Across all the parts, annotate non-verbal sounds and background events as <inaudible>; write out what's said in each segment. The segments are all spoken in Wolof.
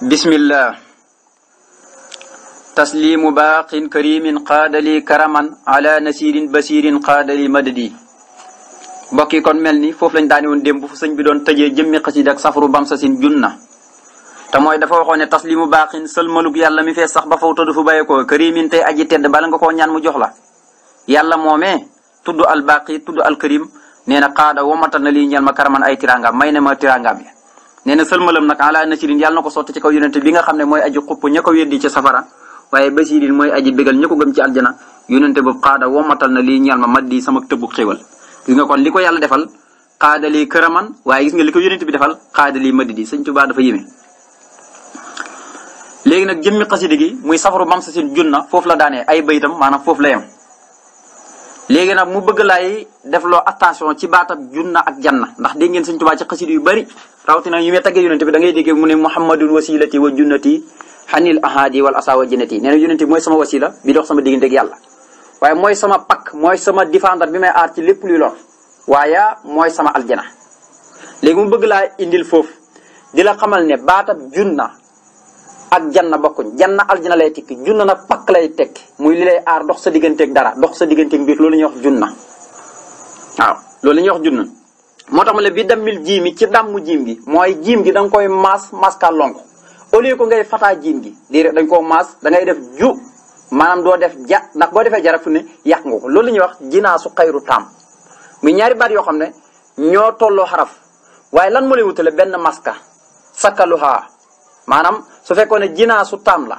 bismillah taslimu baaqin karimin qaadali karaman ala nasirin basirin qaadali ma mbokk yi kon mel ni foofu lañ daane woon démb fu sëñ bi doon tëjee jëmmi xasida ak safaru bamsa sin junna te mooy dafa waxoon ne taslimu baaxin sëlmalug yàlla mi fee sax ba faw tëdd fu bàyyeekoo karimin tey aji tedd bala nga koo ñaan mu jox la yàlla moomee tudd al baaqi tudd al karim nee na woo womatal na lii ñeel ma karaman ay tirangam may ne ma tirangam yi nee na sëlmalam nag ala nasirin yàlla na ko sotti ci kaw yonent bi nga xam ne mooy aji xupp ña weddi ci safara waaye basirin mooy aji bégal ña ko gëm ci aljana yonente boobu woo matal na lii ñeel ma maddi sama tëbbu xéwal gis nga kon li ko yàlla defal xaada lii këraman waaye gis nga li ko yonente bi defal xaada lii maddi di sëñ Tuubaa dafa yéeme léegi nag jëmmi xasida gi muy safaru bamsa sin junna foofu la daanee ay baytam maanaam foofu la yem léegi nag mu bëgg laay def loo attention ci baatab junna ak janna ndax dégg ngeen Sëñ Tuubaa ci xasid yu bëri rawatina yu may taggee yonente bi da ngay déggee mu ne muhammadun wasilati wa junnati xanil ahadi wal asawa jinnati nee na yonente bi mooy sama wasila bi dox sama diggante ak yàlla waaye mooy sama pakk mooy sama défendre bi may aar ci lépp lu lor waaye mooy sama aljana léegi mu bëgg laa indil foofu di la xamal ne baatab junna ak janna bokkuñ janna aljana lay tikki na nag pakk lay tekki muy li lay aar dox sa digganteeg dara dox sa digganteeg mbir loolu la ñuy wax loolu la ñuy wax junna moo tax ma ne bi dammil jiimi ci dammu jiim gi mooy jiim gi da nga koy maas maska lonk au lieu ko ngay fataa jiim gi déedéet dañ koo maas da ngay def ju maanaam doo def ja ndax boo defee jara ne yàq nga ko loolu la ñuy wax jinaasu xayru taam mu ñaari baat yoo xam ne ñoo tolloo xaraf waaye lan moo lay wutale benn maska sakaluha maanaam su fekkoon ne jinaasu taam la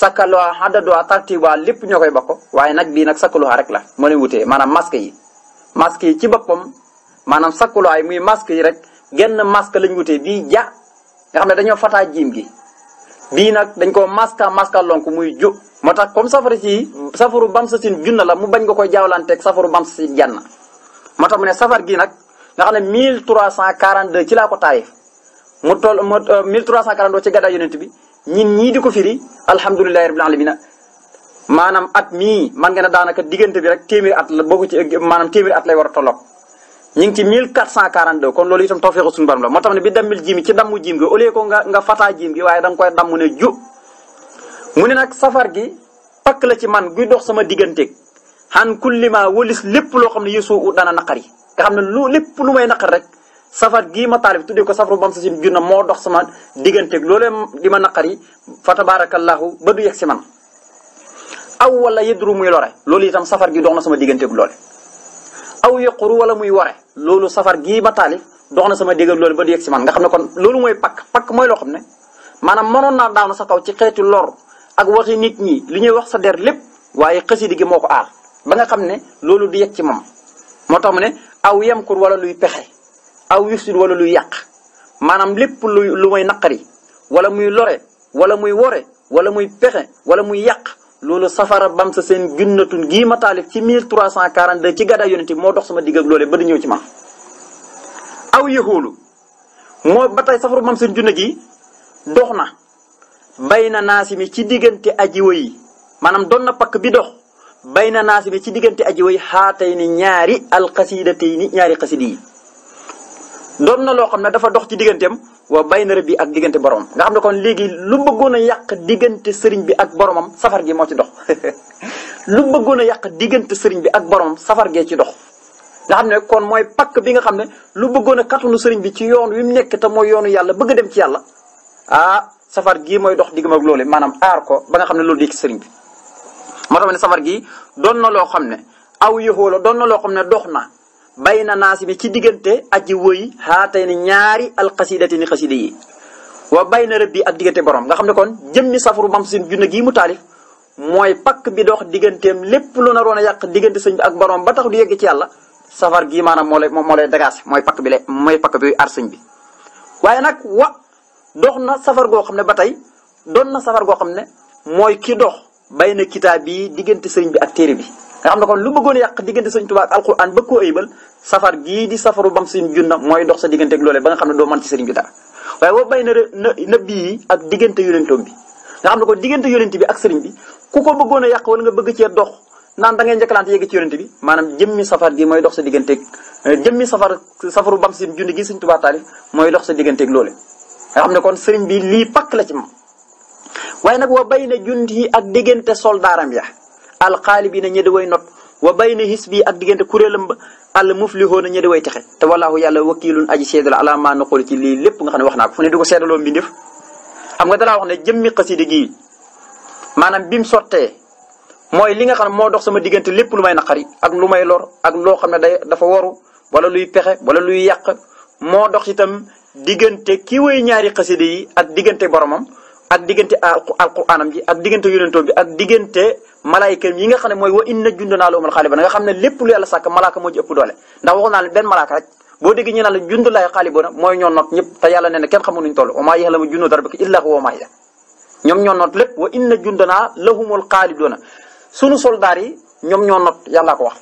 sakkaluwaa xaddaduwaa tartiibuwaa lépp ñoo koy bokk waaye nag bii nag sakkaluwaa rek la moo leen wutee maanaam masque yi masque yi ci boppam maanaam sakkaluwaa ay muy masque yi rek genn masque lañ wutee bii ja nga xam ne dañoo fataa jiim gi bii nag dañ koo maska maska lonk muy ju moo tax comme safara si safaru bamsasin junna la mu bañ nga koy jaawlanteeg safaru bamsasin janna moo tax mu ne safar gi nag nga xam ne 1342 ci laa ko taayif mu toll mu 1342 euh, ci gàddaa yonent bi ñin ñii di ko firi alhamdulilahi rabbil alamina maanaam at mii man nga ne daanaka diggante bi rek téeméeri at la bokku ci maanaam téeméeri at lay war a tolloog ñu ngi ci 1442 kon loolu itam tawfeexu suñu borom la moo tax ne bi dammil jiim ci dammu jiim gi au lieu que nga fataa jiim gi waaye da koy damm ne ju mu ne nag safar gi pakk la ci man guy dox sama digganteeg xan kulli ma wëlis lépp loo xam ne yéesu dana naqari nga xam ne lu lépp lu may naqar rek safar gii ma taalif tuddee ko safaru bam sa sin junna moo dox sama digganteeg loolee di ma naqari fa tabarakallahu ba du yegg si man aw wala yëdru muy lore loolu itam safar gi dox na sama digganteeg loole aw yëquru wala muy ware loolu safar gii ma taalif dox na sama digganteeg loole ba du yegg si man nga xam ne kon loolu mooy pakk pakk mooy loo xam ne maanaam mënoon naa na sa kaw ci xeetu lor ak waxi nit ñi li ñuy wax sa der lépp waaye xasidi gi moo ko aar ba nga xam ne loolu du yegg ci moom moo tax mu ne aw yemkur wala luy pexe aw yufsid wala luy yàq maanaam lépp lu lu may naqari wala muy lore wala muy wore wala muy pexe wala muy yàq loolu safara bam sa seen junnatun gii ma taalif ci 1342 ci gàddaay yonent bi moo dox sama digg ak loolee ba di ñëw ci man aw yaxoolu moo ba tey safaru bam seen junna gi dox na bay na naasi mi ci diggante aji yi maanaam doon na pakk bi dox bay na naasi mi ci diggante aji woyi xaatay ni ñaari alxasiidatay ni ñaari xasidi yi doon na loo xam ne dafa dox ci digganteem wa bay na bi ak diggante boromam nga xam ne kon léegi lu bëggoon a yàq diggante sëriñ bi ak boromam safar gi moo ci dox <laughs> lu bëggoon a yàq diggante sëriñ bi ak boromam safar gee ci dox. nga xam ne kon mooy pakk bi nga xam ne lu bëggoon a kàttanu sëriñ bi ci yoon wi mu nekk mooy yoonu yàlla bëgg dem ci yàlla ah safar gii mooy dox diggam ak loole maanaam aar ko ba nga xam ne loolu di ci sëriñ bi. moo tax ne safar gi doon na loo xam ne aw yëxoo doon na loo xam ne dox naa bay na naasi mi ci diggante aji wëy xaatay ne ñaari alxasidati ni xasida yi wa bay na rëbbi ak diggante borom nga xam ne kon jëmmi safaru mam sin junne gii mu taalif mooy pakk bi dox digganteem lépp lu naroon a yàq diggante sëñ bi ak borom ba tax du yegg ci yàlla safar gii maanaam moo moo lay dagaase mooy pakk bi la mooy pakk bi ar sëñ bi waaye nag wa dox na safar goo xam ne ba tey doon na safar goo xam ne mooy ki dox bay na kitaab bi diggante sëñ bi ak téere bi nga xam ne kon lu bëggoon yàq diggante sëñ Tuubaa ak alxuraan bëgg koo ayibal safar gii di safaru bam sin junna mooy dox sa digganteeg loolee ba nga xam ne doo mën ci sëriñ bi dara waaye boo bay na xam ne kon diggante yonent bi ak sëriñ bi ku ko bëggoon a yàq wala nga bëgg cee dox naan da ngay njëkkalante bi maanaam jëmmi safar gi mooy dox sa digganteeg euh, jëmmi safar safaru bam sin junni gi sëñ Tuubaa taalif mooy dox sa digganteeg loole nga xam ne kon sëriñ bi lii pakk la ci moom waaye nag wa bay na jundi yi ak diggante soldaaram ya alxaalibiina ña di way not wa bayna hisbi ak diggante kuréelam ba al muflihoona ña di way texe te walaahu yàlla wakiilun aj seedal ala maa naqul ci lii lépp nga xam ne wax naa ko fu ne du ko xam nga dalaa wax ne jëmmi xasida gii maanaam bi mu sottee mooy li nga xam moo dox sama diggante lépp lu may xari ak lu may lor ak loo xam ne day dafa waru wala luy pexe wala luy yàq moo dox tam diggante ki way ñaari xasida yi ak diggante boromam ak diggante alquranam ji ak diggante yonentoom bi ak diggante malaayikam yi nga xam mooy wa inna jundanaa la umul xaaliba nga xam ne lépp lu yàlla sàkk malaaka moo ci ëpp doole ndax waxoon naa leen benn malaaka rek boo déggee mooy ñoo not ñëpp yàlla nee na kenn xamul nuñ toll wa maa yaxlamu junuuda rabbika illaa huwa maa yaxlamu ñoom sunu soldaar ñoom ñoo not ko wax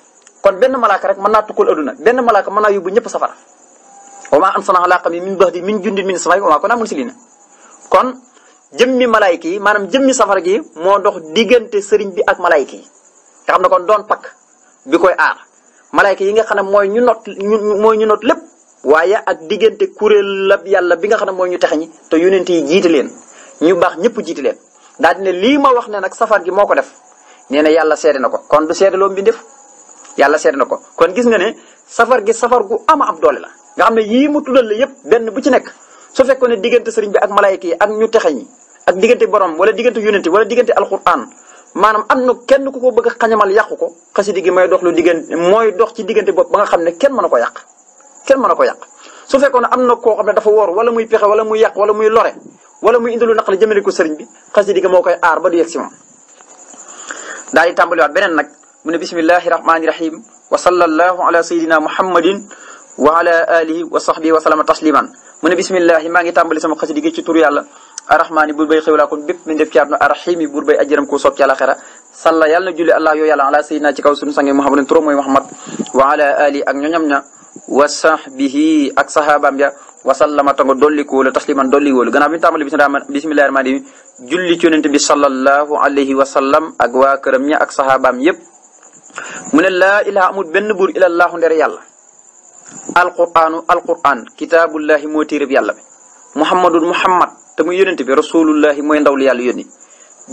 kon benn malaaka rek mën naa tukkal aduna benn malaaka mën naa yóbbu ñëpp safara wa maa arsalnaa alaa qawmin min ba'dika min jundin min as-samaa'i wa maa kunnaa jëmmi malayka yi maanaam jëmmi safara gi moo dox diggante sëriñ bi ak malayka yi nga xam ne kon doon pakk bi koy aar malayka yi nga xam ne mooy ñu not ñu mooy ñu not lépp waaye ak diggante kuréel la yàlla bi nga xam ne mooy ñu texe ñi te yonent yi jiite leen ñu baax ñëpp jiite leen daal di ne lii ma wax ne nag safar gi moo ko def nee na yàlla seede na ko kon du seede loo mbindeef yàlla seede na ko kon gis nga ne safar gi safar gu ama am doole la nga xam ne yii mu tuddal la yëpp benn bu ci nekk su fekkoon ne diggante sëriñ bi ak malayka yi ak ñu texe ñi ak diggante borom wala diggante yonent wala diggante alquran maanaam am na kenn ku ko bëgg a xañamal yàqu ko xasida gi mooy dox lu diggante mooy dox ci diggante bopp ba nga xam ne kenn mën a ko yàq kenn mën ko yàq su fekkoon ne am na koo xam ne dafa woor wala muy pexe wala muy yàq wala muy lore wala muy indilu naqare jëmale ko sëriñ bi xasida gi moo koy aar ba du yegg si moom daal di beneen nag mu ne bismillahi rahmaani rahim wa sallallahu ala sayyidina muhammadin wa ala alihi wa sahbihi wa sallama tasliman mu ne maa ngi tàmbali sama xasida gi ci tur yàlla arrahmaani buur bay xewlaa kon bépp mi def ci àdduna arrahimi buur bay ko soob ci àlaxira salla yàlla na julli allah yoo yàlla ala wa ala ali ak ñoñam ña wa sahbihi ak tango dolli ko la tasliman dolli wóolu gannaaw bi ñu tàmbali bismillahi rahmaani rahim julli ci yonente bi sallallahu alayhi wa sallam ak waa këram ña ak sahabaam yépp mu ne laa ilaha amul benn buur illallahu ndere yàlla alquraanu alquraan kitaabullahi moo téereb yàlla bi muhammadun muhammad te muy yónent bi rasulullahi mooy ndaw li yàlla yónni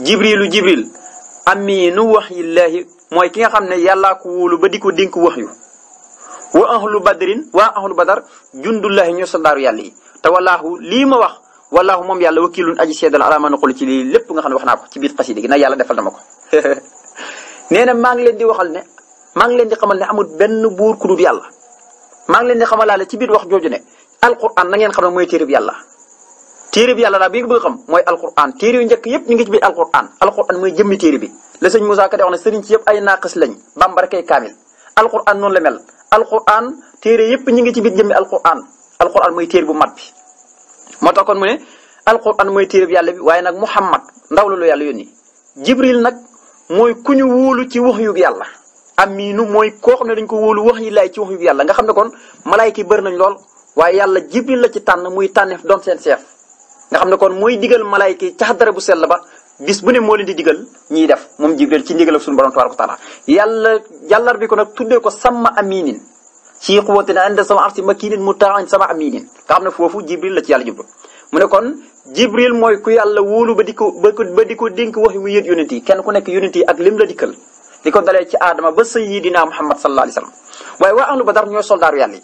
jibrilu jibril aminu waxyillahi mooy ki nga xam ne yàllaa ko wóolu ba di ko dénk wax yu wa ahlu badrin waa ahlu badar jundullahi ñoo sandaaru yàlla yi te walaahu lii ma wax walaahu moom yàlla wakiilun aji seedal la ma naqulu ci lii lépp nga xam ne wax naa ko ci biir xasida gi nag yàlla defal na ma ko <laughs> nee na maa ngi leen di waxal ne maa ngi leen di xamal ne amul benn yàlla maa leen di xamalaale ci biir wax jooju ne alquran na ngeen xam ne mooy téereb yàlla téereb yàlla daal bi nga bëgg xam mooy alquran téere yu njëkk yëpp ñu ngi ci biir alquran alquran mooy jëmmi téere bi la sëñ Moussa Ka di wax ne sëriñ ci yëpp ay naaqis lañ bambara kay kaamil alquran noonu la mel alquran téere yëpp ñu ngi ci biir jëmmi alquran alquran mooy téere bu mat bi moo tax kon mu ne alquran mooy téere bi yàlla bi waaye nag Muhammad ndaw la lu yàlla yónni Jibril nag mooy ku ñu wóolu ci wax yu yàlla amiinu mooy koo xam ne dañ ko wóolu wax yi laay ci wax yu yàlla nga xam ne kon malaayka yi bëri nañ lool waaye yàlla jibril la ci tànn muy tànneef doon seen seef nga xam ne kon mooy digal malaayka yi ca dara bu sell ba bis bu ne moo leen di digal ñiy def moom jibril ci ndigal ak suñu borom tabaaraka taala yàlla yàllar bi ko nag tuddee ko sàmma amiinin ci quwwatin inda sama arsi makiinin mutaan sama amiinin nga xam ne foofu jibril la ci yàlla jublu mu ne kon jibril mooy ku yàlla woolu ba di ko ba di ko dénk wax yu yët kenn ku nekk yonent ak lim la dikkal li ko dalee ci aadama ba sayyidina Muhammad sallallahu alayhi wa sallam waaye waa ahlu badar ñooy soldaaru yàlla yi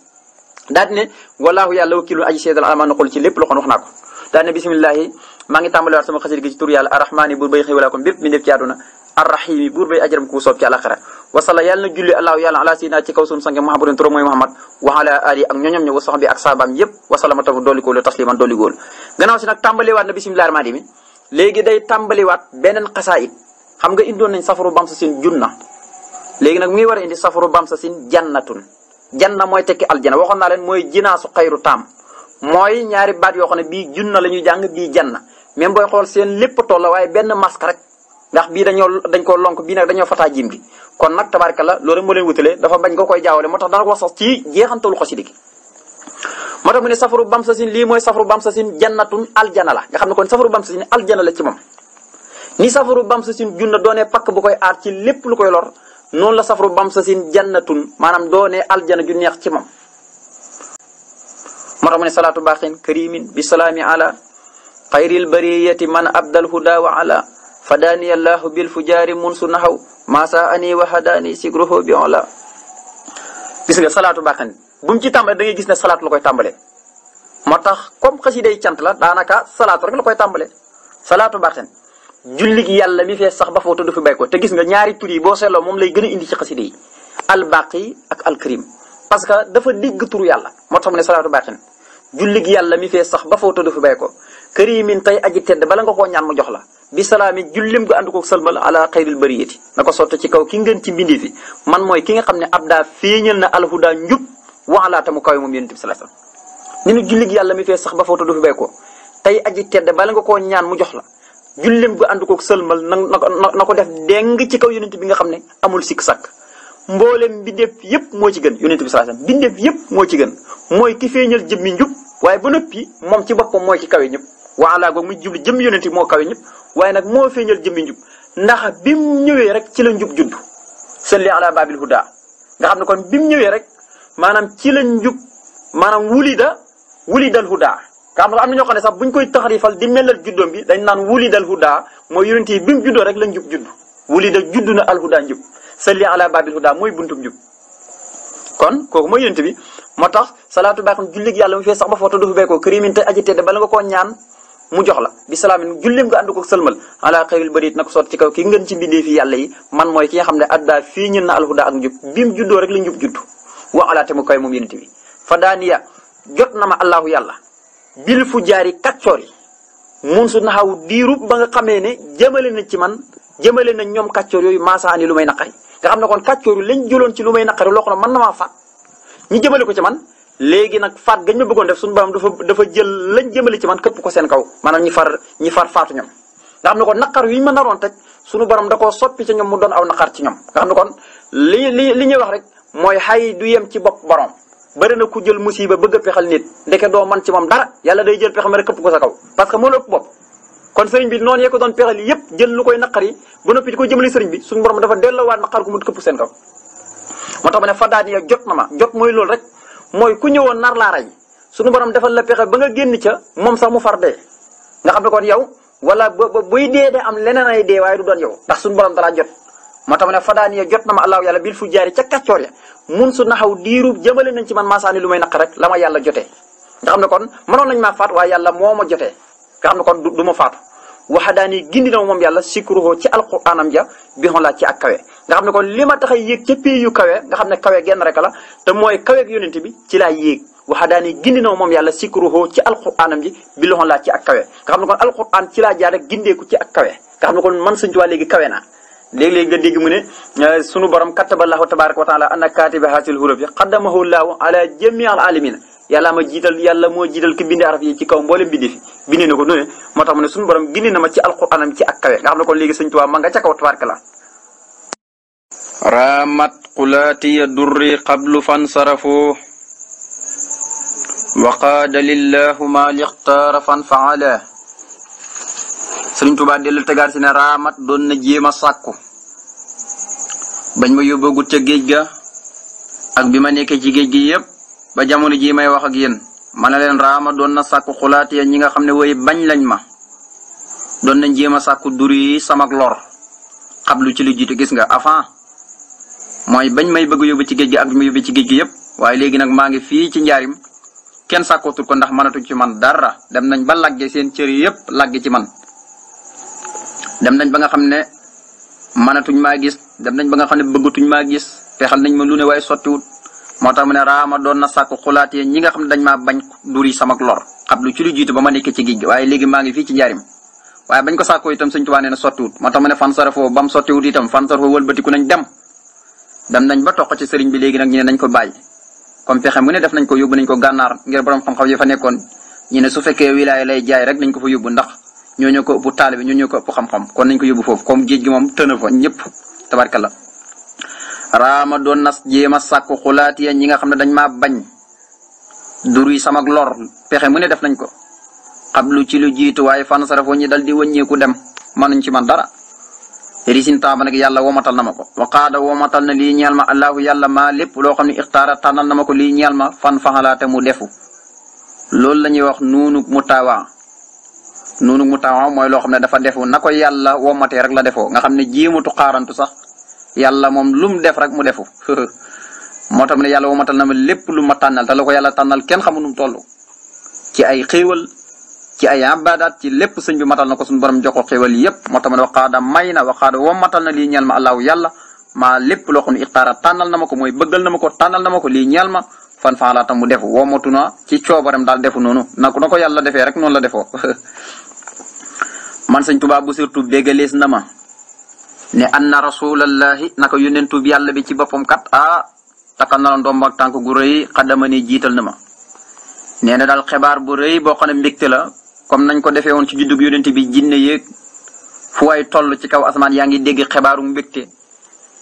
daal di ne walaahu yàlla wakiilu aji seedal amaan naqul ci lépp loo xam wax naa ne bismillahi maa ngi tàmbale sama xasida gi ci tur yàlla arrahmaani buur bay xéwalaa ko mbir mi na bismillahi rahmaani rahim léegi day tàmbaliwaat beneen xasaayit xam nga indoon nañ safaru bamsasin junna léegi nag mu ngi war a indi safaru bamsasin jannatun janna mooy tekki aljana waxoon naa leen mooy jinaasu xayru taam mooy ñaari baat yoo xam ne bii junna la ñuy jàng bii janna même booy xool seen lépp toll la benn masque rek ndax bii dañoo dañ koo lonk bii nag fataa jim bi kon nag tabarka la loolu moo leen dafa bañ nga koy jaawale moo tax dana wax sax ci jeexantalu xasida gi moo tax mu ne safaru bamsasin lii mooy safaru bamsasin jannatun aljana la nga xam ne kon safaru bamsasin aljana la ci moom ni safaru bamsasin junna doonee pakk bu koy aar ci lépp lu koy lor noonu la safaru bamsasin jannatun maanaam doonee aljana ju neex ci moom moo tax mu salaatu baaxin karimin bi salaami ala xayril bariyati man abdal huda wa ala fadaani allahu bil fujaari munsu naxaw maasaa ani wa hadaani sikruhu bi ola gis nga salaatu baaxin bu ci tàmbalee da gis ne salaat la koy tàmbalee moo tax comme xasiday cant la daanaka salaat rek koy tàmbalee salaatu baaxin jullig yàlla mi fee sax ba foo tudd fi bay ko te gis nga ñaari tur yi boo seetloo moom lay gën a indi ak alkarim parce que dafa digg tur yàlla moo tax mu ne salaatu baqin yàlla mi fee sax ba foo tudd fi bay ko karimin tey aji tedd bala nga koo ñaan mu jox la bi salaami jullim nga ànd koog salmal ala xayril bariyati na ko sotti ci kaw ki ngeen ci mbindi fi man mooy ki nga xam ne abdaa feeñal na alhuda njub waalaata mu kawe moom yonent bi salaasam ni nu jullig yàlla mi fee sax ba foo tudd fi bay ko tey aji tedd bala nga koo ñaan mu jox la julleem gu ànd koog sëlmal na na na ko def deng ci kaw yonent bi nga xam ne amul sikk sàkk mboolem bindeef yëpp moo ci gën yonent bi salaasam bindeef yëpp moo ci gën mooy ki feeñal jëmmi njub waaye ba noppi moom ci boppam mooy ci kawe ñëpp waala goog mu jubli jëmmi yonent bi moo kawe ñëpp waaye nag moo feeñal jëmmi njub ndax bi mu ñëwee rek ci la njub judd salli ala babil huda nga xam ne kon bi mu ñëwee rek maanaam ci la njub maanaam wulida wulidal huda nga am na ñoo xam ne sax buñ koy taxarifal di melal juddoom bi dañ naan wulidal huda mooy yonent yi bi mu juddoo rek la njub judd wulida judd na alhuda njub salli ala babil huda mooy buntum njub kon kooku mooy yonent bi moo tax salaatu baaxun jullig yàlla mu fee sax ba foota du fi béy ko kërimin te aji tedd bala nga koo ñaan mu jox la bi salaamin julleem nga ànd ko sëlmal ala na ko sotti kaw ki ngeen ci mbindee fi yàlla man mooy xam ne addaa fii ñun na ak njub bi mu juddoo rek la njub judd wa alaate mu koy moom yonent bi fa daaniya jot na ma allahu yàlla bil fu jaari kaccoor yi mun su naxaw diirub ba nga xamee ne jëmale na ci man jëmale na ñoom kaccoor yooyu maasaani lu may naqari nga xam ne kon kaccoor yi lañ jëloon ci lu may naqari loo ne mën na maa faat ñu jëmale ko ci man léegi nag faat gañ ma bëggoon def suñu borom dafa dafa jël lañ jëmale ci man këpp ko seen kaw maanaam ñi far ñi far faatu ñoom nga xam ne kon naqar wi ñu ma naroon teg suñu borom da koo soppi ci ñoom mu doon aw naqar ci ñoom nga xam ne kon li li li ñuy wax rek mooy xay du yem ci bopp borom bari na ku jël musiba bëgg a pexal nit ndeke doo man ci moom dara yàlla day jël pexam rek këpp ko sa kaw parce que moo la kon sëriñ bi noonu yee ko doon pexal yépp jël lu koy naqari ba noppi ko jëmale sëriñ bi suñu borom dafa delloowaat naqar gu mu ma ne fadaat ya jot na ma jot mooy loolu rek mooy ku ñëwoon nar laa suñu borom defal la pexe ba nga génn ca moom sax mu far dee nga xam ne kon yow wala ba buy dee de am leneen ay dee waaye du doon yow ndax suñu borom dalaa jot moo tax mu ne fadaaniya jot na ma allaahu yàlla bil fu jaari ca kàccoor ya mun su naxaw diirub jëmale nañ ci man maasaani lu may naq rek la ma yàlla jotee nga xam ne kon mënoon nañ maa faat waaye yàlla moo ma jotee xam ne kon du ma faatu waxa daani gindi na moom yàlla sikruhoo ci alquraanam ja bi xon ci ak kawe nga xam ne kon li ma tax a yéeg ca pays kawe nga xam ne kawe genn rek la te mooy kaweeg yonent bi ci laa yéeg waxa daani gindi na moom yàlla sikruhoo ci alquraanam ji bi loxon laa ci ak kawe nga xam ne kon alquraan ci laa jaare gindeeku ci ak kawe nga xam ne kon man sëñ Tuubaa léegi kawe léeg-léeg nga dégg mu ne euh, sunu borom kattaba laahu tabaaraka wa taala anna kaatiba haasil huruf yi xaddamahu laahu ala jamii al alamina ma jiital yàlla moo jiital ki bindi araf yi ci kaw mboolem bindi fi bindi ko noonu moo tax mu ne sunu borom gindi na ma ci alquranam ci ak kawe nga xam ne kon léegi sëñ Tuubaa ma nga ca kaw tabaaraka la raamat qulaatiya durri qablu fansarafoo wa qaada lillahu ma lixtaara fan faala Sëriñ Tuubaa dellu tegaat si ne raamat doon na jéem a sàkku bañ ma yóbbagut ca géej ga ak bi ma nekkee ci géej gi yëpp ba jamono jii may wax ak yéen ma ne leen raama doon na sàkku xulaat ya ñi nga xam ne woy bañ lañ ma doon nañ jéem a sàkku duri samak lor xablu ci lu jiitu gis nga avant mooy bañ may bëgg yóbbu ci géej gi ak bi ma ci géej gi yëpp waaye léegi nag maa ngi fii ci njaarim kenn sàkkootul ko ndax mënatu ci man dara dem nañ ba lagge seen cër yëpp lagge ci man dem nañ ba nga xam ne mënatuñ maa gis dem nañ ba nga xam ne bëggatuñ maa gis fexal nañ ma lu ne waaye sottiwut moo tax mu ne a doon na sàkku ye ñi nga xam ne dañ maa bañ duri sama lor xam lu ci lu jiitu ba ma nekkee ci géej gi waaye léegi maa ngi fii ci njaarim waaye bañ ko sàkkoo itam Sëñ Tuubaa nee na sottiwut moo tax mu ne fan sarafoo ba mu sottiwut itam fan sarafoo wëlbatiku nañ dem dem nañ ba toq ci sëriñ bi léegi nag ñu ne nañ ko bàyyi comme pexe mu ne def nañ ko yóbbu nañ ko gànnaar ngir borom xam-xam fa nekkoon ñu ne su fekkee wilaay lay jaay rek nañ ko fa yóbbu ndax ñoo ko ëpp taalibe ñoo ñoo ko ëpp xam-xam kon nañ ko yóbbu foofu kom géej gi moom tëna fa ñëpp tabarkalla raama doon nas jéema sàkku xulaatiya ñi nga xam ne dañ ma bañ dur yi sama lor pexe mu ne def nañ ko xablu ci lu jiitu waaye fan sarafoo ñi dal di wëññeeku dem manuñ ci man dara risin tamba nag yàlla womatal na ma ko wa qaada womatal na lii ñeel ma allahu yàlla maa lépp loo xam ne ixtaara tànnal na ma ko lii ñeel ma fan faxalaate mu defu loolu la wax nuunu mu noonu mu a mooy loo xam ne dafa defu na ko yàlla womatee rek la defoo nga xam ne jéematu xaarantu sax yàlla moom lum def rek mu defu <laughs> moo tam ne yàlla matal na ma lépp lu ma tànnal te ko yàlla tànnal kenn xamu nu mu toll ci ay xéewal ci ay abadaat ci lépp sëñ bi matal na ko suñu borom jox ko xéewal yépp moo tam ma ne waxaada may na waxaada matal na lii ñeel ma allahu yàlla maa lépp loo xam ne iqaara tànnal na ma ko mooy bëggal na ma ko tànnal na ma ko lii ñeel fan faxalaata mu defu womatu na ci coobaram daal defu noonu na ko na ko yàlla defee rek noonu la defoo <laughs> man sëñ Tuubaa bu surtout bégalees na ma ne anna rasulallahi naka yónnentu bi yàlla bi ci boppam kat a ah, takal na la ndombak tànk gu rëy xaddama ni jiital na ma nee na daal xibaar bu rëy boo xam ne mbégte la comme nañ ko defee woon ci juddu juddug yónnent bi jinne yéeg fu waay toll ci kaw asamaan yaa ngi dégg xibaaru mbégte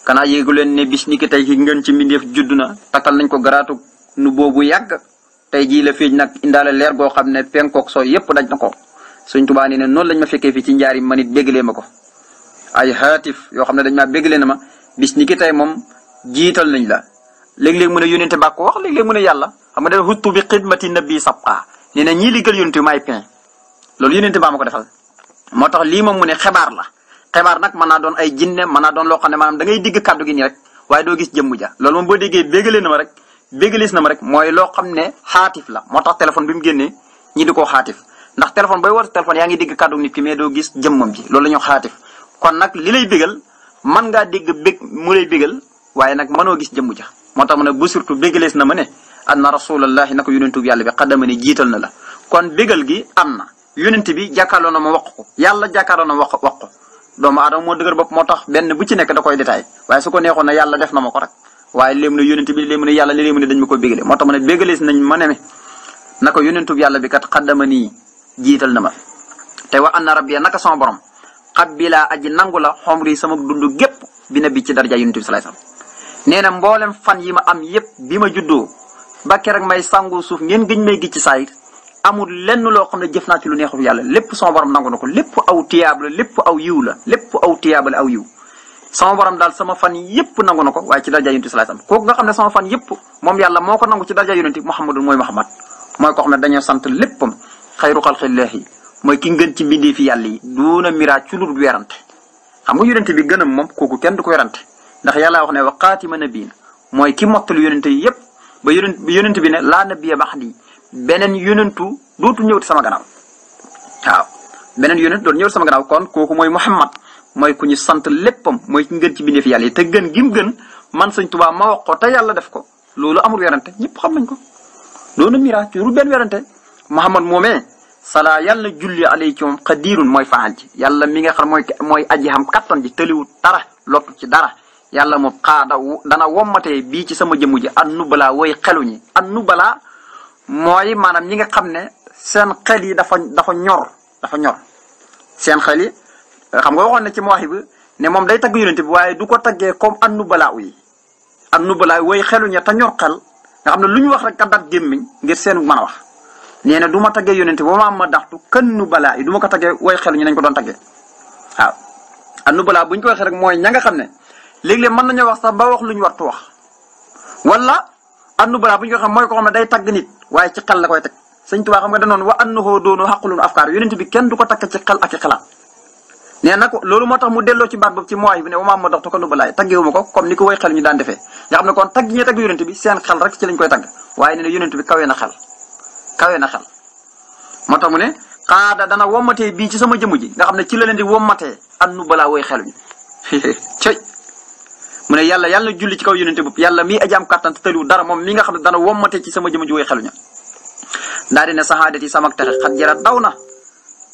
kanaa yéegu leen ne bis ni tey ki ngeen ci mbindeef judd na takkal nañ ko garaatu nu boobu yàgg tey jii la feeñ nag a leer goo xam ne penkook sooy yépp daj na ko suñ tubaa nee ne noonu lañ ma fekkee fii ci njaari manit béglee ma ko ay haatif yoo xam ne dañ maa béglee na ma bis ni ki tey moom jiital nañ la léeg-léeg mu ne yónente bàkko wax léeg-léeg mu xam nga def xuttu bi xidmati na ñii liggéeyal yónente maay pin loolu yónente baa ma ko defal moo tax lii moom mu ne xebaar la xebaar nag mën naa doon ay jinne mën naa doon loo xam ne digg kàddu gi nii rek waaye doo gis jëmm ja loolu moom boo déggee bégale na ma rek bégalis na ma rek mooy loo xam ne xaatif la moo tax téléphone bi mu génnee ñi di ko xaatif ndax téléphone booy war téléphone yaa ngi dégg kàddu nit ki mais doo gis jëmmam ji loolu ñoo ñu xaatif kon nag li lay bigal man ngaa dégg bég mu lay bégal waaye nag mënoo gis jëmm ja moo tax mu ne bu surtout bégalees na ma ne anna rasulallahi nako yonentu bi yàlla bi xaddama ne jiital na la kon bégal gi am na bi jàkkaarloo na ma wax ko yàlla jàkkaarloo na ma wax wax ko doomu aadama moo dëgër bopp moo tax benn bu ci nekk da waaye su ko neexoon na yàlla def na ma ko rek waaye léemu ne yónent bi léemu ne yàlla li léemu ne dañ ma ko bégale moo tax ma ne bégale si nañ ma ne na ko yónentub yàlla bi kat xaddama nii jiital na ma te wa anna rabbiya naka sama borom xabbilaa aj nangu la xomri sama dund gépp bi na bi ci darja yónent bi salaay salaam nee na mboolem fan yi ma am yépp bi ma juddoo ba keroog may sangu suuf ngeen gëñ may gi ci saayir amul lenn loo xam ne jëf naa ci lu neexul yàlla lépp sama borom nangu na ko lépp aw tiyaab la lépp aw yiw la lépp aw tiyaab aw yiw sama borom daal sama fan yëpp nangu na ko waaye ci daraja yonent bi salaay salaam kooku nga xam ne sama fan yëpp moom yàlla moo ko nangu ci daraja yonent Muhammadul mooy Muhammad mooy ko xam ne dañoo sant léppam xayru xalqillaahi mooy ki ngën ci mbindee fi yàlla yi duuna miraaj ci lu xam nga yonent bi gënam moom kooku kenn du ko werante ndax yàlla wax ne wa xaatima nabiin mooy ki mottal yonent yi yëpp ba yonent bi ne laa nabiyya ba'dii beneen yonentu dootu ñëw sama gannaaw waaw beneen yonent dootu ñëw sama gannaaw kon kooku mooy Muhammad mooy ku ñu sant léppam mooy ci ngën ci bindeef yàlla yi te gën gim gën man sëñ Tuubaa ma wax ko te yàlla def ko loolu amul werante ñëpp xam nañ ko doona mira ci ru benn werante Muhammad moomee sala yàlla julli alay ci moom mooy faal ji yàlla mi nga xam mooy mooy aji xam kattan ji tëliwut dara lottu ci dara yàlla moo xaada dana wommatee bii ci sama jëmm ji annu balaa woy xelu ñi nu bala mooy maanaam ñi nga xam ne seen xel yi dafa dafa ñor dafa ñor seen xel xam nga waxoon na ci Mawahib ne moom day tagg yonent bi waaye du ko taggee comme annu balaaw yi annu woy xelu xeluña ta ñor xel nga xam ne lu ñu wax rek kaddaat gémmiñ ngir seen mën a wax nee du ma taggee yonent bi ba ma am ma daxtu balaa yi du ma ko taggee way xeluñu ko doon taggee waaw. annu balaa bu ñu ko waxee rek mooy ña nga xam ne léeg-léeg mën nañoo wax sax ba wax lu ñu wartu wax wala annu balaa bu ñu ko waxee mooy ko xam ne day tagg nit waaye ci xel la koy teg sëñ Tuubaa xam nga danoon wa annuhu doonu xaqulun afkaar yonent bi kenn du ko takk ci xel a ak xalaat nee na ko loolu moo tax mu delloo ci baat boobu ci mooy bi ne wamaam moo dox ko nu balaay taggeewuma ko comme ni ko way xel ñu daan defee nga xam ne kon tagg ñi na yonent bi kawee na xel tax mu ne xaada dana wommatee bii ci sama jëmm ji xam ne ci la leen di wommatee an balaa way xel ñu <laughs> cëy ne yàlla yàlla julli ci kaw yonent boobu yàlla mii aji am kàttan te moom mi nga xam ne dana wommatee ci sama jëmm ji way xel ñu daal di ne saxaadati sama texe xat jara daw na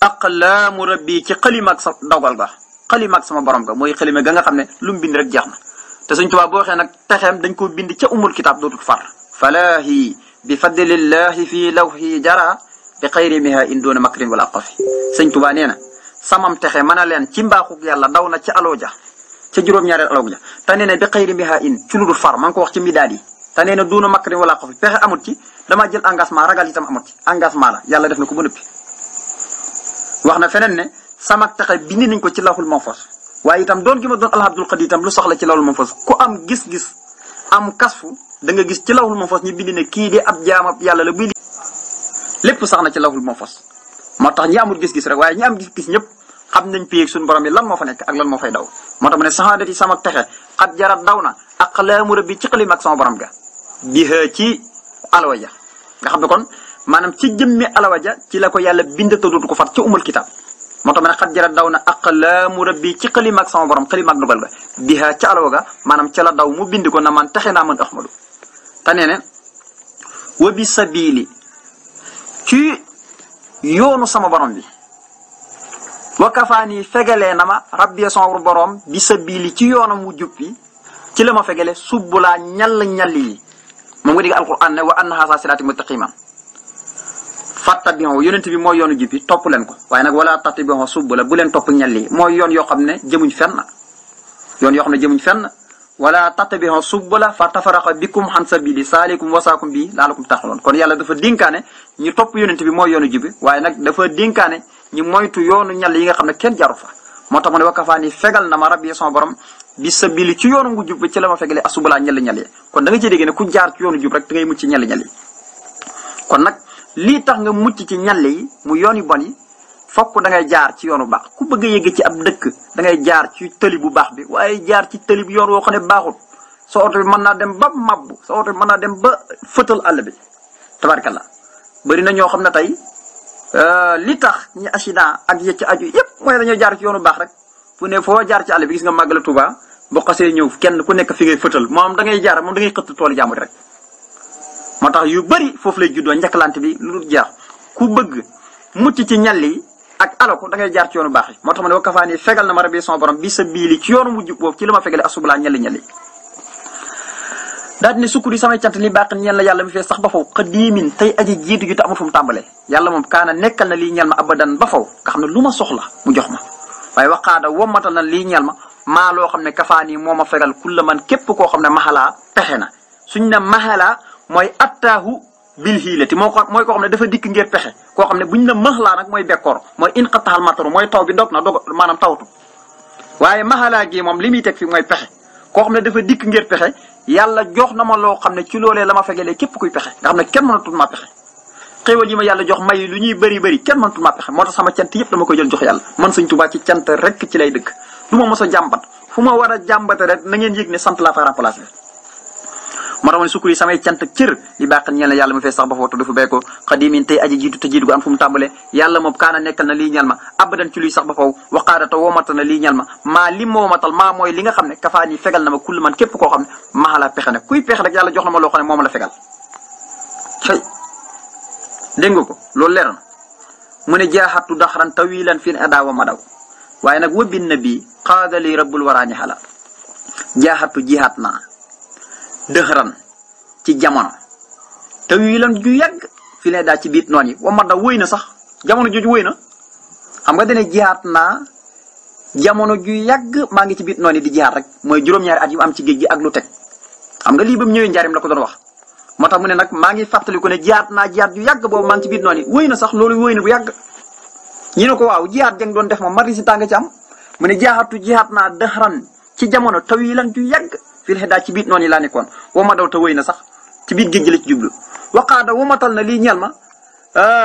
aqlaamu rabbi ci xalimaag sa dogal ga xalimaag sama borom ga mooy xalima ga nga xam ne lu mu bind rek jeex na te suñ tubaab boo waxee nag texeem dañ koo bind ca umul kitaab dootul far falaahi bi fadlillahi fii lawhi jara bi xayri miha in doona makrin wala qafi sëñ tubaa nee na samam texe mën a leen ci mbaaxug yàlla daw na ca alooja ca juróom-ñaareel alooja te nee na bi xayri miha in ci lu dul far ma ngi ko wax ci midaal yi te nee na duuna makrin wala qafi pexe amut ci damaa jël engagement ragal itam amut ci engagement la yàlla def na ko ba noppi wax na feneen ne sama taxe bind nañ ko ci lawhul mahfuz waaye itam doon gi ma doon alhamdul xadi itam lu soxla ci lawhul mahfuz ku am gis-gis am kasfu da nga gis ci lawhul mahfuz ñu bind ne kii di ab jaama yàlla la buy lépp sax na ci lawhul mahfuz moo tax ñi amul gis-gis rek waaye ñi am gis-gis ñëpp xam nañ piyeg suñ borom yi lan moo fa nekk ak lan moo fay daw moo tax mu ne saxaadati yi sama texe xat jarat daw na ak xalaamu rabbi ci xalim ak sama borom ga biha ci alwa ja nga xam ne kon maanaam ci jëmmi ja ci la ko yàlla bind te ko fat ci umul kitaab moo tax ma ne xat jara daw na aqlaamu rabbi ci xalimaag sama borom xalimaag dogal ga ca alawa ga maanaam ca la daw mu bind ko na man taxe naa man ahmadu te nee ne wa bi sabili ci yoonu sama borom bi wa kafaani fegalee na ma rabbi sama borom bi sabili ci yoona mu jub ci la ma fegale subbulaa ñall ñall yi moom nga dégg alquran ne wa annaha siraati mustaqima fattabi'u yonent bi mooy yoonu jub bi topp leen ko waaye nag wala tattabi'u subula bu leen topp ñal yi mooy yoon yoo xam ne jëmuñ fenn yoon yoo xam ne jëmuñ fenn wala tattabi'u subula fa tafaraqa bikum an sabili saalikum wasaakum bi laalakum taxaloon kon yàlla dafa dénkaane ñu topp yonent bi mooy yoonu jub waaye nag dafa dénkaane ñu moytu yoonu ñal yi nga xam ne kenn jaru fa moo tax ma ne wakafaa ni fegal na ma rabbi sama borom bi sabili ci yoonu ngu jub ci la ma fegalee asubula ñal ñal yi kon da nga ci dégg ku jaar ci yoonu jub rek da ngay mucc ñal kon nag lii tax nga mucc ci ñalle yi mu yoon yi bon yi fokk dangay jaar ci yoon yoonu baax ku bëgg a ci ab dëkk da ngay jaar ci tëli bu baax bi waaye jaar ci tëli bu yoon woo xam ne baaxut sa mën naa dem ba mabbu sa oto mën naa dem ba fëtal àll bi tabarkalla bëri na ñoo xam ne tey euh, li tax ñi accident ak yëcc aju yëpp mooy dañoo jaar ci yoonu baax rek fu ne foo jaar ci àll bi gis nga màggal Tuuba boo xasee ñëw kenn ku nekk fi ngay fëtal moom da jaar moom da ngay xëtt toolu jàmbur rek moo tax yu bëri foofu lay juddoo njakkalante bi lu dul jeex ku bëgg mucc ci ñal yi ak alako da ngay jaar ci yoonu baax moo tax ma ne wa kafaani fegal na ma rabbi sama borom bi sa biili ci yoonu mujj boobu ci la ma fegale asubulaa baax ñeel na yàlla mi fee sax ba faw xadiimin tey aji jiitu fu mu tàmbalee yàlla kaana nekkal na lii ñeel ma abadan ba faw nga xam ne lu ma soxla mu jox ma waaye woo wommatal na lii ñeel ma maa loo xam ne kafaani moo ma fegal kulla man képp koo xam ne maxalaa pexe na suñ ne maxalaa mooy attaahu bil hiilati moo ko mooy koo xam ne dafa dikk ngir pexe koo xam ne bu ñu la laa nag mooy bekkoor mooy inqataal mataru mooy taw bi dog na dog maanaam tawtu waaye maxalaa gi moom li muy teg fi mooy pexe koo xam ne dafa dikk ngir pexe yàlla jox na ma loo xam ne ci loolee la ma fegelee képp kuy pexe nga xam ne kenn mënatul maa pexe xéewal yi ma yàlla jox may lu ñuy bëri bëri kenn mënatul maa pexe moo tax sama cant yëpp dama ko jël jox yàlla man sañ Tuubaa ci cante rek ci lay dëkk du ma mos a jàmbat fu ma war a jàmbat rek na ngeen yëg ne sant laa fa remplacé ma rawoon sukkur yi samay cant ak cër li bàqan ñeel na yàlla mu sax ba fa wata dafa béy ko xadimin tey aji jiitu te jiitu gu am fu mu tàmbale yàlla moom kaana nekkal na lii ñal ma abadan ci luy sax ba faw waxaada te woomatal na lii ñal ma maa li moomatal maa mooy li nga xam ne kafaa nii fegal na ma kull man képp koo xam ne maa la pexe nag kuy pexe nag yàlla jox na ma loo xam ne moom la fegal cay dégg nga ko loolu leer na mu ne jaaxattu daxran tawilan fi waaye nag wëbbin na bii xaadali rabbul waraani xala jaaxattu dëxëran ci jamono te yu ju yàgg fii lay daal ci biit noon yi wa ma da na sax jamono jooju wëy na xam nga dane jihaat naa jamono ju yàgg maa ngi ci biit noon yi di jihaat rek mooy juróom-ñaari at yu am ci géej gi ak lu teg xam nga lii ba mu la ko doon wax moo tax mu ne nag maa ngi fàttaliku ne jihaat naa jihaat ju yàgg boobu maa ngi ci biit noon yi wëy na sax loolu wëy na bu yàgg ñu ne ko waaw jihaat jang doon def moom mari si tàng ci am mu ne jihaatu jihaat naa dëxëran ci jamono taw yi lan ju yàgg fil xeddaa ci biir noonu yi laa ma daw te wéy na sax ci biir géej gi la ci jublu waqaada wamatal ah, na lii ñeel ma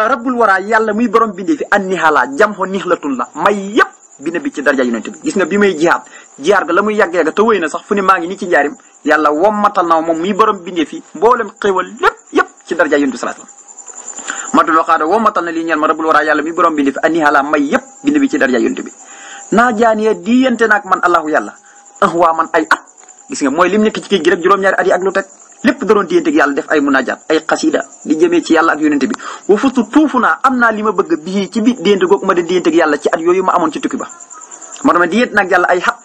rabbul waraa yàlla muy borom bindee fi an nihalaa jam xo nixlatun la may yépp bi na bi ci darja yonent bi gis nga bi may jihaat jihaar ga la muy yàgg-yàgg te wéy na sax fu ne maa ngi nii ci na moom muy borom bindee fi mboolem xéwal lépp yépp ci darja yonent bi sallallahu alayhi wasallam matul waqaada wamatal na lii ñeel ma rabbul waraa yàlla muy borom bindee fi an nihalaa may yépp bi na bi ci darja yonent bi naa jaanee diyante naag man allahu yàlla ah waa man ay at gis nga mooy lim nekk ci géej gi rek juróom-ñaari at yi ak lu teg lépp da doon diggante ak yàlla def ay munaajaat ay xasida di jëmee ci yàlla ak yonente bi wa fustu am naa li ma bëgg bii ci biir diggante googu yàlla ci at yooyu ma amoon ci tukki ba moo tax ma diggante yàlla ay xat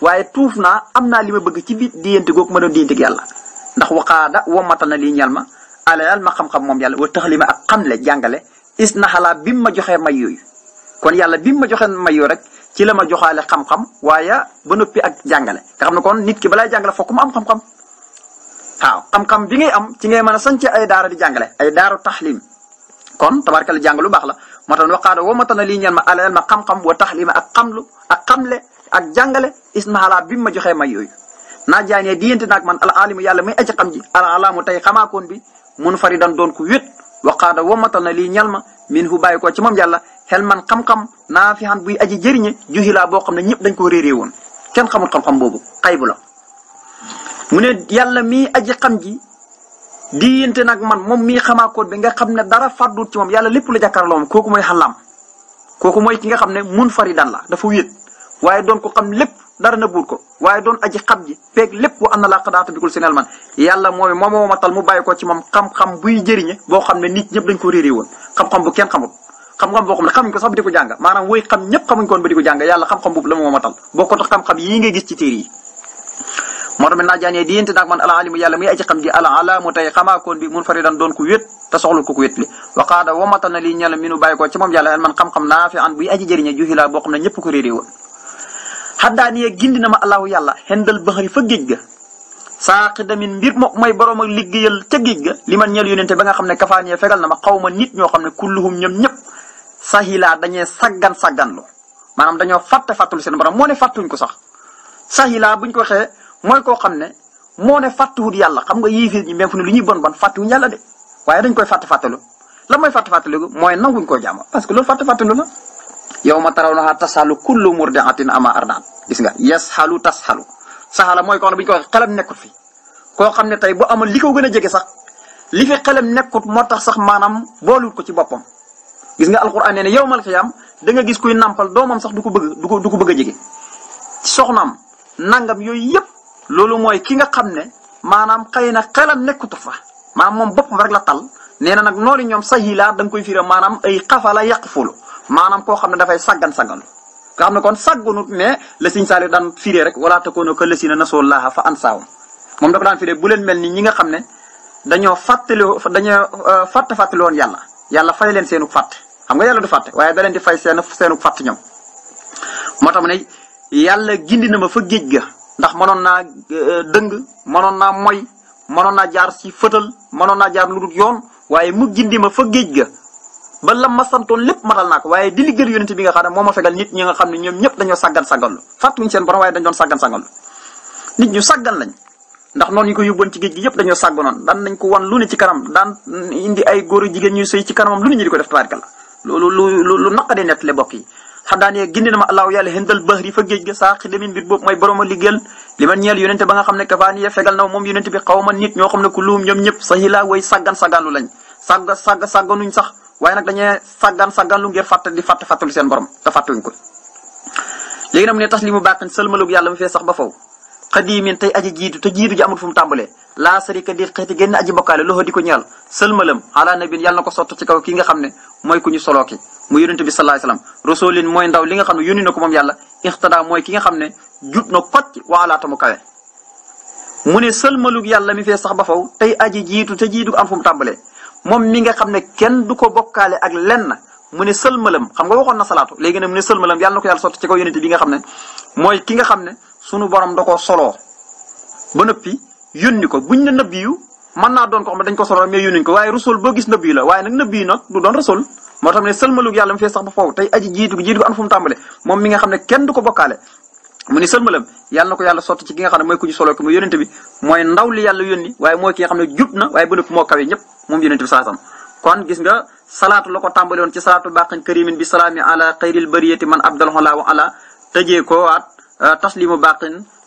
waaye tuuf naa am naa li ma bëgg ci biir diggante googu ma doon diggante yàlla ndax waqaada wammatal na lii ñal ma ala yàlla ma xam-xam moom yàlla wa taxalima ak le jàngale is naxalaa bi mu ma joxee may yooyu kon yàlla bi mu ma joxee may yooyu rek ci la ma joxale xam-xam waaye ba noppi ak jàngale nga xam na kon nit ki balaa jàngale fokk mu am xam-xam waaw xam-xam bi ngay am ci ngay mën a sanc ay daara di jàngale ay daaru taxlim kon tabarkal jàng lu la moo tax waqaada woo mata na lii ñeen ma alal ma xam-xam wa taxlima ak xamlu ak xamle ak jàngale ismaala bi mu ma joxee may yooyu naa jaanee diyante naag man al alimu yàlla muy aji xam ji al alaamu tey xamaakoon bi mun fari dan doon ku wét waqaada woo matal na lii ñal ma min hu bàyyi ko ci moom yàlla xel man xam-xam naa fi xan buy aji jëriñe juhilaa boo xam ne ñëpp dañ ko réeree woon kenn xamul xam-xam boobu xaybu la mu ne yàlla mii aji xam ji diinte nag man moom mi mii xamaakoon bi nga xam ne dara fàdduut ci moom yàlla lépp la jàkkaarloo moom kooku mooy xalaam kooku moy ki nga xam ne mun fari dan la dafa wéet waaye doon ko xam lépp dara na buur ko waaye doon aji xam ji peeg lépp bu ànd laa xadaata bikul seen man yàlla moomi moo matal mu bàyyi ko ci moom xam-xam buy jëriñe boo xam ne nit ñëpp dañ ko réeree woon xam-xam bu kenn xam-xam boo xam ne xamuñ ko sax ba di ko maanaam woy xam ñëpp xamuñ ko woon ba di ko jàng yàlla xam-xam boobu la ma matal boo ko tax xam-xam yii ngay gis ci téere yi moo tax naa jaanee diinte naag man alaalimu yàlla muy aji xam ji ala alaamu tey xamaakoon te soxlul ko ku na lii baxari fa géej ga saaqi damin mbir mo may borom liggéeyal ca géej ga li man ñeel yonente ba nga xam ne kafaanee fegal na ma xaw ma nit ñoo xam ne kulluhum ñoom ñëpp sahila dañee saggan sagganlu maanaam dañoo fàtte fàttulu seen borom moo ne fàttuñ ko sax sahila buñ ko waxee mooy koo xam ne moo ne fàttuwut yàlla xam nga yéefir ñi même lu ñuy bon bon fàttuwuñ yàlla de waaye dañ koy fàtte fàttalu la mooy fàtte fàttalu mooy nanguñ koo jaamu parce que loolu fàtte fàttalu la yow ma tarawnaha tasalu kullu murdiatin ama ardaat gis nga yasxalu tasxalu saxala mooy koo xam ne bu ñu ko waxee xelam nekkut fi koo xam ne tey boo amoon li ko gën a jege sax li fi xelam nekkut moo tax sax maanaam boolewut ko ci boppam gis nga alxuraan nee na yawmal xiyaam da nga gis kuy nàmpal doomam sax du ko bëgg du ko du ko bëgg a jege soxnaam nangam yooyu yëpp loolu mooy ki nga xam ne maanaam xëy na xelam nekkatu fa maanaam moom boppam rek la tal nee na nag noonu ñoom sahila da nga koy fira maanaam ay xafala yaqfulu maanaam koo xam ne dafay saggan saggan nga xam ne kon saggunut ne la Sëñ Saaliw daan firee rek wala takoonu ka lasina nasullaha fa ansaahum moom dafa daan firee bu leen mel ni ñi nga xam ne dañoo fàttali dañoo fàtt fàttali woon yàlla yàlla fay leen seenu fàtt xam nga yàlla du fàtte waaye da leen di fay seen seenu fàtt ñoom moo tax mu ne yàlla gindi na ma fa géej ga ndax mënoon naa euh, dëng mënoon naa moy mënoon na jaar ci fëtal noon na jaar lu dul yoon waaye mu gindi ma fa géej ga ba lam ma santoon lépp matal naa ko waaye di liggéey yonent bi nga xam ne moo ma fegal nit ñi nga xam ne ñoom ñëpp dañoo sàggan sàgganlu fàttuñ seen borom waaye dañ doon sàggan sàgganlu ñu sàggan lañ ndax noon ñu ko yóbboon ci géej gi yëpp dañoo sàgganoon daan nañ ko wan lu ne ci kanam daan indi ay góor jigéen ñu ñuy sëy ci kanamam lu ne ñu di ko def tabaarkalla loolu lu lu lu naqari net le bokk yi xadaane gindi na ma allahu yàlla xendal bahri fa géej ga saa xidamin mbir boobu mooy borom a liggéeyal li man ñeel yonente ba nga xam ne kafaani ya fegal na moom yonente bi xaw ma nit ñoo xam ne ku luum ñoom ñëpp sahila way sàggan sàgganlu lañ sàgga sàgga sàgganuñ sax waaye nag dañee sàggan sàgganlu ngir fàtt di fàtt fàttalu seen borom te fàttuñ ko léegi nag mu ne taslimu baqin sëlmalug yàlla mu fee sax ba faw xadimin tey aji jiitu te jiitu ji amul fu mu tàmbalee laa sarika déet xeeti génn aji bokkaale loxo di ko ñeel sëlmalam ala nabin yàlla na ko sott ci kaw ki nga xam ne mooy ku ñu soloo ki mu yonente bi salaay salaam rasulin mooy ndaw li nga xam ne yónni na ko moom yàlla ixtadaa mooy ki nga xam ne jub na kocc waalaata mu kawe mu ne sëlmalug yàlla mi fee sax ba faw tey aji jiitu te jiitu am fu mu moom mi nga xam ne kenn du ko bokkaale ak lenn mu ne sëlmalam xam nga waxoon na salaatu léegi nag mu ne sëlmalam yàlla na ko yàlla sotti ci kaw yonente bi nga xam ne mooy ki nga xam ne sunu borom da koo soloo ba nëppi yónni buñ ne nëbbi mën naa doon ko xam ne dañ ko sonal mais yónniñ ko waaye rasul boo gis nabi la waaye nag nabi nag du doon rasul moo tax ne sëlmalug yàlla mu fee sax ba foofu tey aji jiitu gi an fu tàmbale moom mi nga xam ne kenn du ko bokkaale mu ni sëlmalam yàlla na ko yàlla sotti ci ki nga xam ne mooy ku ñu soloo ko mooy yónente bi mooy ndaw li yàlla yónni waaye mooy ki xam ne jub na waaye bënëpp moo kawe ñëpp moom yónente bi saasam kon gis nga salaatu ko tàmbale woon ci salaatu baqin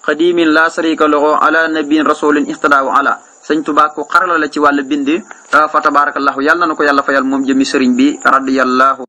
karimin la ah, sarika lahu ala sëñ Tuubaa ku xarala la ci wàllu bind fa tabarakallahu yàlla na ko yàlla fayal moom jëmi sëriñ bi radiyallahu